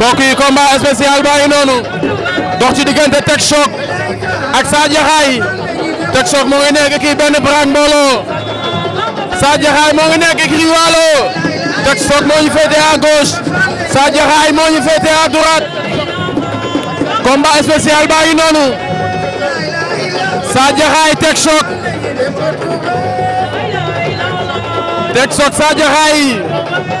mbokk yi combat spécial baa ngi noonu dox ci diggante Tek Choc ak Sa Diakhaay Tek moo ngi nekk benn baraag mbooloo Sa moo ngi nekk kii waalo Tek moo ñu féete à gauche moo ñu féete à droite combat spécial noonu Sa Diakhaay Tek Choc Tek Choc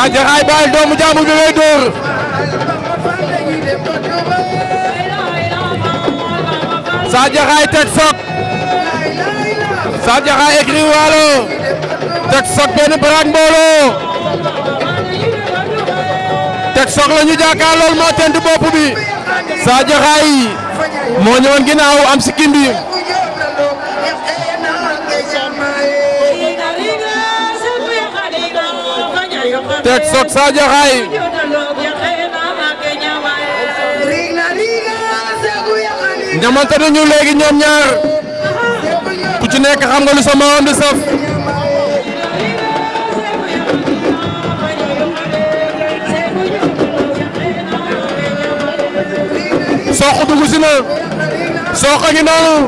Sadio Raay Bayel doomu jaamu bi ngay dóor Sadio Raay teg sok benn baraag mbooloo teg la ñu jàkkaar lool moo tent bopp bi Sadio Raay moo ñëwoon ginnaaw am si Tek Sok Sadio Khaye ñamante nañu léegi ñoom ñaar ku ci nekk xam nga lu sama woon di saf si na Sokh a ngi noonu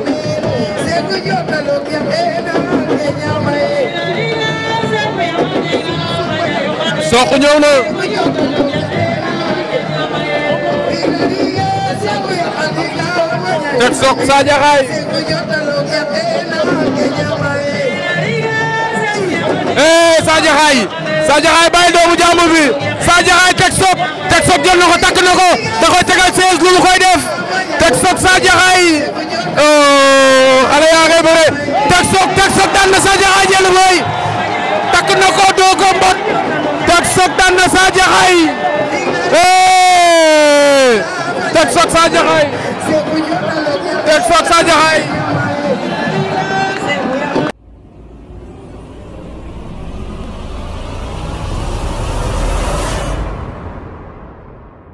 Sokh ñëw na teg Sokh Sa Diakhaay ee eh, Sa Diakhaay Sa Diakhaay bàyyi doomu jàmbur bi Sa Diakhaay teg Sokh teg Sokh jël na ko takk na ko da koy tegal sees mu koy def teg Sokh Sa Diakhaay oh, xale yaa ngay bëre teg Sokh teg Sokh daan na Sa Diakhaay jël mooy takk na ko doo ko ànd Sa Diaxay ee teg soog Sa Diaxay